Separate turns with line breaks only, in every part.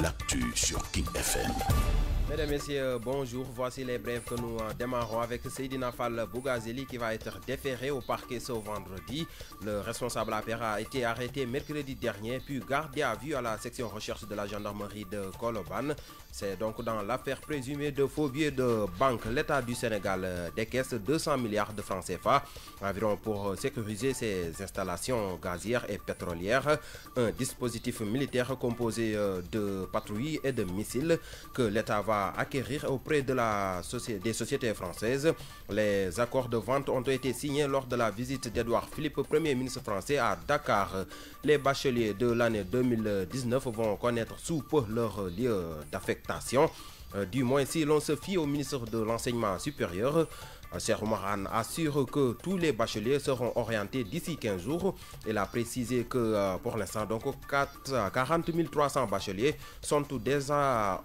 l'actu sur King FM. Mesdames, et Messieurs, bonjour. Voici les brèves que nous euh, démarrons avec Seydina Fall Bougazeli qui va être déféré au parquet ce vendredi. Le responsable APR a été arrêté mercredi dernier puis gardé à vue à la section recherche de la gendarmerie de Koloban. C'est donc dans l'affaire présumée de faux billets de banque. L'État du Sénégal euh, décaisse 200 milliards de francs CFA environ pour euh, sécuriser ses installations gazières et pétrolières. Un dispositif militaire composé de patrouilles et de missiles que l'État va acquérir auprès de la des sociétés françaises. Les accords de vente ont été signés lors de la visite d'Edouard Philippe, Premier ministre français, à Dakar. Les bacheliers de l'année 2019 vont connaître sous peu leur lieu d'affectation. Euh, du moins si l'on se fie au ministre de l'Enseignement supérieur. Euh, Cher assure que tous les bacheliers seront orientés d'ici 15 jours. Il a précisé que euh, pour l'instant, donc 40 300 bacheliers sont déjà,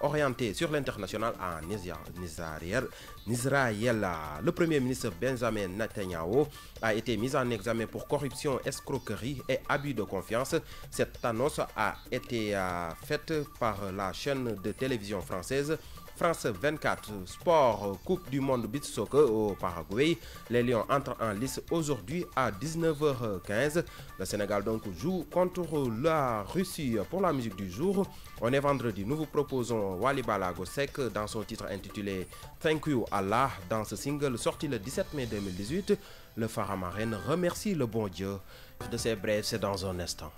orientés sur l'international en Israël. Israël. Le premier ministre Benjamin Netanyahu a été mis en examen pour corruption, escroquerie et abus de confiance. Cette annonce a été faite par la chaîne de télévision française. France 24, sport, Coupe du monde beach soccer au Paraguay. Les Lions entrent en lice aujourd'hui à 19h15. Le Sénégal donc joue contre la Russie pour la musique du jour. On est vendredi, nous vous proposons Wali Balagosek dans son titre intitulé Thank You Allah. Dans ce single sorti le 17 mai 2018, le marraine remercie le bon Dieu. De ses brèves, c'est dans un instant.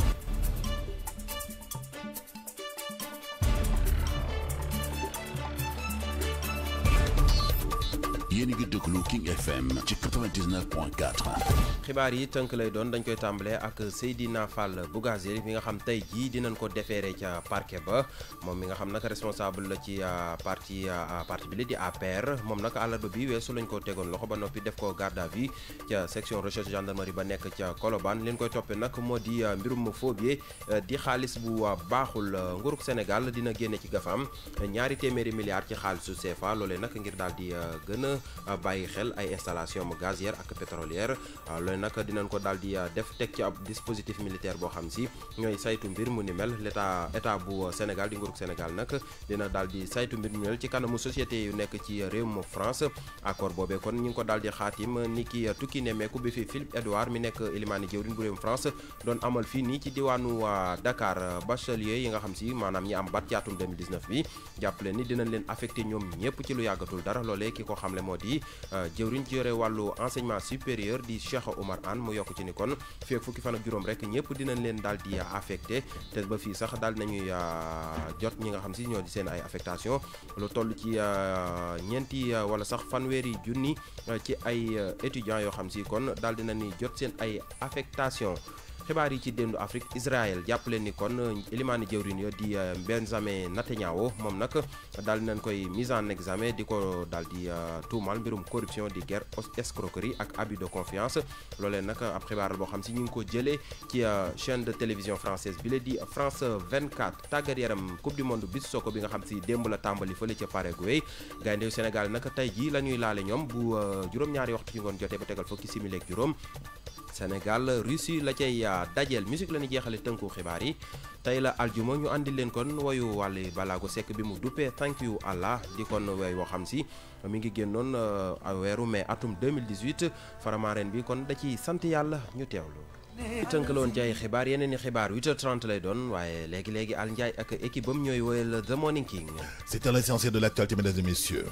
yéen a ngi déglu King FM ci 99.4. xibaar yi tënk lay doon dañ koy tàmbalee ak seydi Seydina Fall Bougazelli mi nga xam tey jii dinañ ko déféré ca parquet ba moom mi nga xam nag responsable la ci euh, parti euh, parti bi li di APR moom nag àllarba bi weesu lañ ko tegoon loxo ba noppi def ko garde à vue ca section recherche gendarmerie ba nekk ca Colobane leen koy toppee nag moo di euh, mbirum phobie di xaalis bu baaxul nguurug Sénégal dina génne ci gafam ñaari téeméeri milliards ci xaalisu CFA loolee nag ngir daal di gën Ah, bàyyi xel ay installation gazière ak pétrolière ah, loolu nag dinañ ko daal di ah, def teg ci ab dispositif militaire boo xam si ñooy saytu mbir mu ni mel l'état état bu Sénégal di nguruk Sénégal nag dina daal di saytu mbir mu ni mel ci kanamu société yu nekk ci réewum France accord boobee kon ko daal di xaatim ni ki tukki nemmeeku bi fi Philippe Edouard mi nekk ilimaani jëwrin bu réewum France doon amal fii nii ci diwaanu Dakar bachelier yi nga xam si maanaam ñi am bat ci atum 2019 bi jàppale ni dinañ leen affecté ñoom ñëpp ci lu yàggatul dara loolee ki ko moo di euh, jëwriñ ci yore wàllu enseignement supérieur di Cheikh omar Anne mu yok ci ni kon feek fukki fan ak juróom rek ñepp dinañ leen dal di euh, affecté te ba fi sax dal nañuy euh, jot ñi nga xam si ñoo di seen ay affectation lu tollu ci ñenti wala sax fanweri junni ci ay étudiants yo xam si kon dal dinañ dinañuy jot seen ay affectation xibaar yi ci dendu Afrique Israël jàpp leen ni kon euh, limaani jëwrin yo di euh, Benjamin Netanyahu moom nag dal nañ koy mise en examen di ko daal di euh, tuumal mbirum corruption di guerre escroquerie ak abus de confiance loolee nag ab xibaaral boo xam si ñu ngi ko jëlee ci chaîne de télévision française bi la di France 24 tàggat yaram coupe du monde bis soko bi nga xam si démb la tàmbali fële ca Paraguay gayndeew Sénégal nag tey ji la ñuy laale ñoom bu juróom-ñaari waxtu ci ngoon jotee ba tegal fukki simili ak juróom Sénégal Russie la cay ah, dajel musique la ni jeexale tënku xibaar yi tey la aljuma ñu àndi leen kon wayu Wally Ballago Seck bi mu duppee thank you Allah di kon way woo xam si mi ngi génnoon ah, weeru mai atum 2018 faramaaren bi kon da ciy sant yàlla ñu teewlu tënkaloon ci ay xibaar yeneen i xibaar 8h30 lay doon waaye léegi-léegi Al Ndiaye ak équipe bam ñooy woyal The Morning King c'était l'essentiel de l'actualité mesdames et messieurs